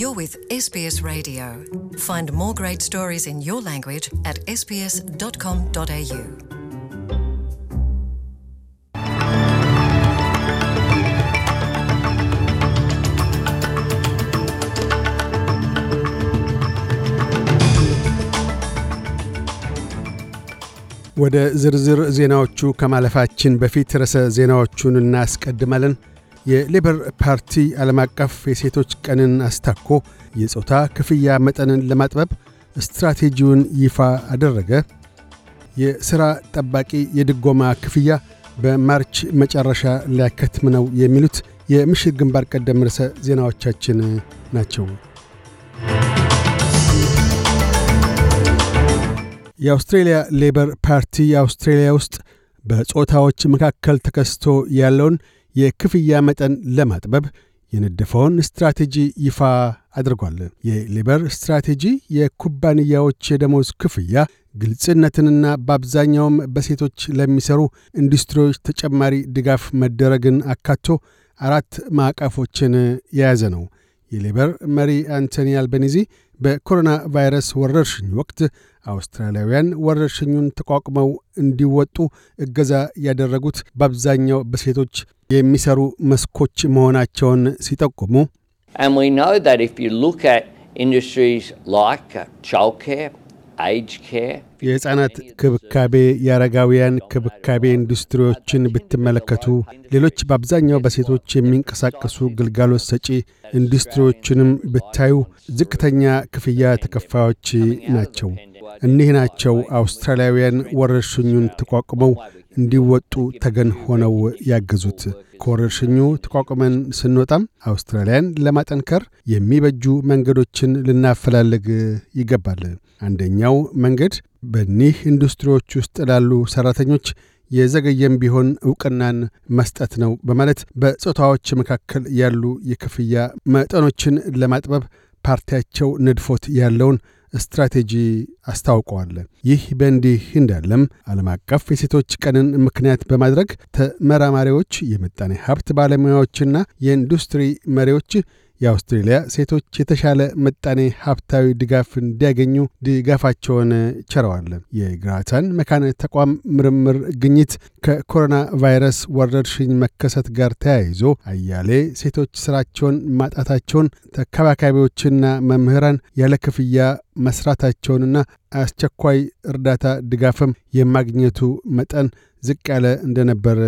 You're with SBS Radio. Find more great stories in your language at sbs.com.au. ወደ ዝርዝር ዜናዎቹ ከማለፋችን በፊት ርዕሰ ዜናዎቹን እናስቀድማለን። የሌበር ፓርቲ ዓለም አቀፍ የሴቶች ቀንን አስታኮ የጾታ ክፍያ መጠንን ለማጥበብ ስትራቴጂውን ይፋ አደረገ። የሥራ ጠባቂ የድጎማ ክፍያ በማርች መጨረሻ ሊያከትም ነው። የሚሉት የምሽት ግንባር ቀደም ርዕሰ ዜናዎቻችን ናቸው። የአውስትሬልያ ሌበር ፓርቲ አውስትሬልያ ውስጥ በጾታዎች መካከል ተከስቶ ያለውን የክፍያ መጠን ለማጥበብ የነደፈውን ስትራቴጂ ይፋ አድርጓል። የሊበር ስትራቴጂ የኩባንያዎች የደሞዝ ክፍያ ግልጽነትንና በአብዛኛውም በሴቶች ለሚሰሩ ኢንዱስትሪዎች ተጨማሪ ድጋፍ መደረግን አካቶ አራት ማዕቀፎችን የያዘ ነው። የሌበር መሪ አንቶኒ አልበኒዚ በኮሮና ቫይረስ ወረርሽኝ ወቅት አውስትራሊያውያን ወረርሽኙን ተቋቁመው እንዲወጡ እገዛ ያደረጉት በአብዛኛው በሴቶች የሚሰሩ መስኮች መሆናቸውን ሲጠቁሙ uh, የሕፃናት ክብካቤ፣ የአረጋውያን ክብካቤ ኢንዱስትሪዎችን ብትመለከቱ፣ ሌሎች በአብዛኛው በሴቶች የሚንቀሳቀሱ ግልጋሎት ሰጪ ኢንዱስትሪዎችንም ብታዩ ዝቅተኛ ክፍያ ተከፋዮች ናቸው። እኒህ ናቸው አውስትራሊያውያን ወረርሽኙን ተቋቁመው እንዲወጡ ተገን ሆነው ያገዙት። ከወረርሽኙ ተቋቁመን ስንወጣም አውስትራሊያን ለማጠንከር የሚበጁ መንገዶችን ልናፈላልግ ይገባል። አንደኛው መንገድ በኒህ ኢንዱስትሪዎች ውስጥ ላሉ ሠራተኞች የዘገየም ቢሆን ዕውቅናን መስጠት ነው በማለት በጾታዎች መካከል ያሉ የክፍያ መጠኖችን ለማጥበብ ፓርቲያቸው ንድፎት ያለውን ስትራቴጂ አስታውቀዋል። ይህ በእንዲህ እንዳለም ዓለም አቀፍ የሴቶች ቀንን ምክንያት በማድረግ ተመራማሪዎች፣ የምጣኔ ሀብት ባለሙያዎችና የኢንዱስትሪ መሪዎች የአውስትሬልያ ሴቶች የተሻለ ምጣኔ ሀብታዊ ድጋፍ እንዲያገኙ ድጋፋቸውን ቸረዋል። የግራታን መካነ ተቋም ምርምር ግኝት ከኮሮና ቫይረስ ወረርሽኝ መከሰት ጋር ተያይዞ አያሌ ሴቶች ስራቸውን ማጣታቸውን፣ ተከባካቢዎችና መምህራን ያለ ክፍያ መስራታቸውንና አስቸኳይ እርዳታ ድጋፍም የማግኘቱ መጠን ዝቅ ያለ እንደነበር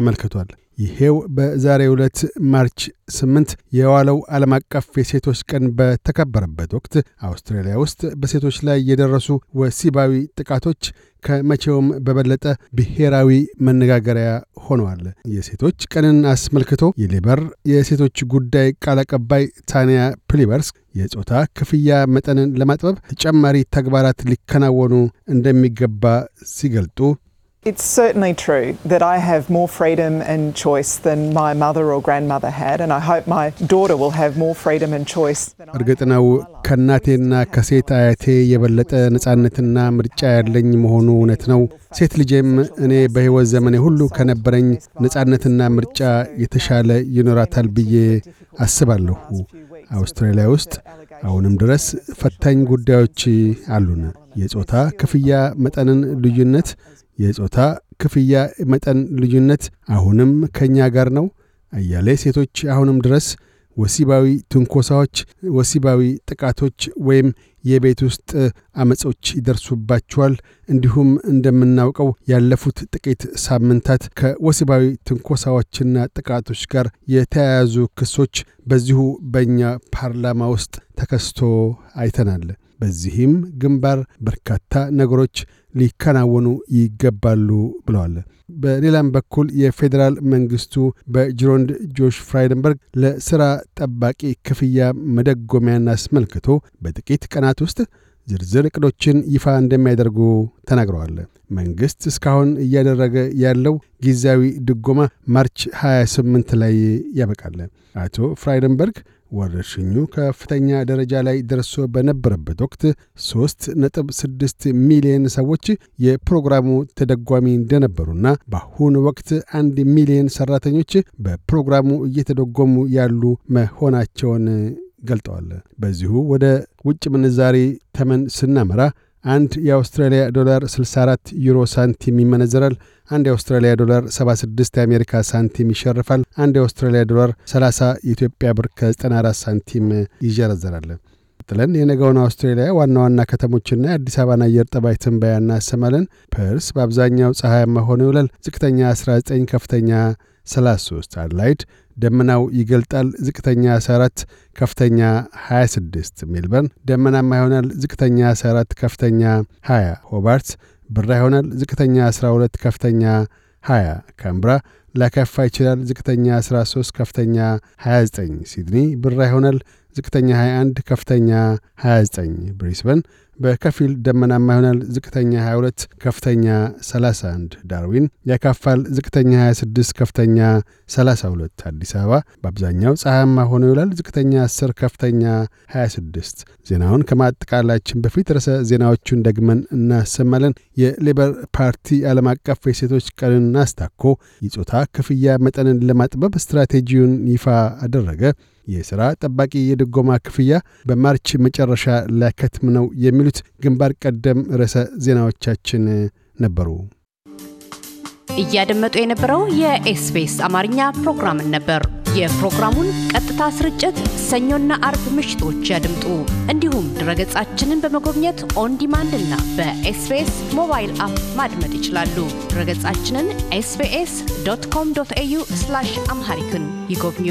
አመልክቷል። ይሄው በዛሬው ዕለት ማርች 8 የዋለው ዓለም አቀፍ የሴቶች ቀን በተከበረበት ወቅት አውስትራሊያ ውስጥ በሴቶች ላይ የደረሱ ወሲባዊ ጥቃቶች ከመቼውም በበለጠ ብሔራዊ መነጋገሪያ ሆነዋል። የሴቶች ቀንን አስመልክቶ የሌበር የሴቶች ጉዳይ ቃል አቀባይ ታንያ ፕሊበርስ የጾታ ክፍያ መጠንን ለማጥበብ ተጨማሪ ተግባራት ሊከናወኑ እንደሚገባ ሲገልጡ It's certainly true that I have more freedom and choice than my mother or grandmother had, and I hope my daughter will have more freedom and choice. እርግጥ ነው ከእናቴና ከሴት አያቴ የበለጠ ነጻነትና ምርጫ ያለኝ መሆኑ እውነት ነው። ሴት ልጄም እኔ በሕይወት ዘመኔ ሁሉ ከነበረኝ ነጻነትና ምርጫ የተሻለ ይኖራታል ብዬ አስባለሁ። አውስትራሊያ ውስጥ አሁንም ድረስ ፈታኝ ጉዳዮች አሉን። የጾታ ክፍያ መጠንን ልዩነት የጾታ ክፍያ መጠን ልዩነት አሁንም ከእኛ ጋር ነው። አያሌ ሴቶች አሁንም ድረስ ወሲባዊ ትንኮሳዎች፣ ወሲባዊ ጥቃቶች ወይም የቤት ውስጥ አመጾች ይደርሱባቸዋል። እንዲሁም እንደምናውቀው ያለፉት ጥቂት ሳምንታት ከወሲባዊ ትንኮሳዎችና ጥቃቶች ጋር የተያያዙ ክሶች በዚሁ በእኛ ፓርላማ ውስጥ ተከስቶ አይተናል። በዚህም ግንባር በርካታ ነገሮች ሊከናወኑ ይገባሉ ብለዋል። በሌላም በኩል የፌዴራል መንግስቱ በጅሮንድ ጆሽ ፍራይደንበርግ ለሥራ ጠባቂ ክፍያ መደጎሚያን አስመልክቶ በጥቂት ቀናት ውስጥ ዝርዝር እቅዶችን ይፋ እንደሚያደርጉ ተናግረዋል። መንግሥት እስካሁን እያደረገ ያለው ጊዜያዊ ድጎማ ማርች 28 ላይ ያበቃል። አቶ ፍራይደንበርግ ወረርሽኙ ከፍተኛ ደረጃ ላይ ደርሶ በነበረበት ወቅት 3.6 ሚሊዮን ሰዎች የፕሮግራሙ ተደጓሚ እንደነበሩና በአሁኑ ወቅት አንድ ሚሊዮን ሰራተኞች በፕሮግራሙ እየተደጎሙ ያሉ መሆናቸውን ገልጠዋል። በዚሁ ወደ ውጭ ምንዛሪ ተመን ስናመራ አንድ የአውስትራሊያ ዶላር 64 ዩሮ ሳንቲም ይመነዘራል። አንድ የአውስትራሊያ ዶላር 76 የአሜሪካ ሳንቲም ይሸርፋል። አንድ የአውስትራሊያ ዶላር 30 የኢትዮጵያ ብር ከ94 ሳንቲም ይዘረዘራል። ጥለን የነገውን አውስትሬሊያ ዋና ዋና ከተሞችና የአዲስ አበባን አየር ጠባይ ትንበያ እናሰማለን። ፐርስ በአብዛኛው ፀሐያማ ሆኖ ይውላል። ዝቅተኛ 19፣ ከፍተኛ 33። አድላይድ ደመናው ይገልጣል። ዝቅተኛ 14 ከፍተኛ 26። ሜልበርን ደመናማ ይሆናል። ዝቅተኛ 14 ከፍተኛ 20። ሆባርት ብራ ይሆናል። ዝቅተኛ 12 ከፍተኛ 20። ካምብራ ላከፋ ይችላል። ዝቅተኛ 13 ከፍተኛ 29። ሲድኒ ብራ ይሆናል። ዝቅተኛ 21፣ ከፍተኛ 29። ብሪስበን በከፊል ደመናማ ይሆናል። ዝቅተኛ 22፣ ከፍተኛ 31። ዳርዊን ያካፋል። ዝቅተኛ 26፣ ከፍተኛ 32። አዲስ አበባ በአብዛኛው ፀሐያማ ሆኖ ይውላል። ዝቅተኛ 10፣ ከፍተኛ 26። ዜናውን ከማጠቃላችን በፊት ርዕሰ ዜናዎቹን ደግመን እናሰማለን። የሌበር ፓርቲ ዓለም አቀፍ የሴቶች ቀንን አስታኮ የጾታ ክፍያ መጠንን ለማጥበብ ስትራቴጂውን ይፋ አደረገ። የሥራ ጠባቂ የድጎማ ክፍያ በማርች መጨረሻ ሊያከትም ነው የሚሉት ግንባር ቀደም ርዕሰ ዜናዎቻችን ነበሩ። እያደመጡ የነበረው የኤስቢኤስ አማርኛ ፕሮግራምን ነበር። የፕሮግራሙን ቀጥታ ስርጭት ሰኞና አርብ ምሽቶች ያድምጡ። እንዲሁም ድረገጻችንን በመጎብኘት ኦን ዲማንድ እና በኤስቢኤስ ሞባይል አፕ ማድመጥ ይችላሉ። ድረገጻችንን ኤስቢኤስ ዶት ኮም ዶት ኤዩ አምሃሪክን ይጎብኙ።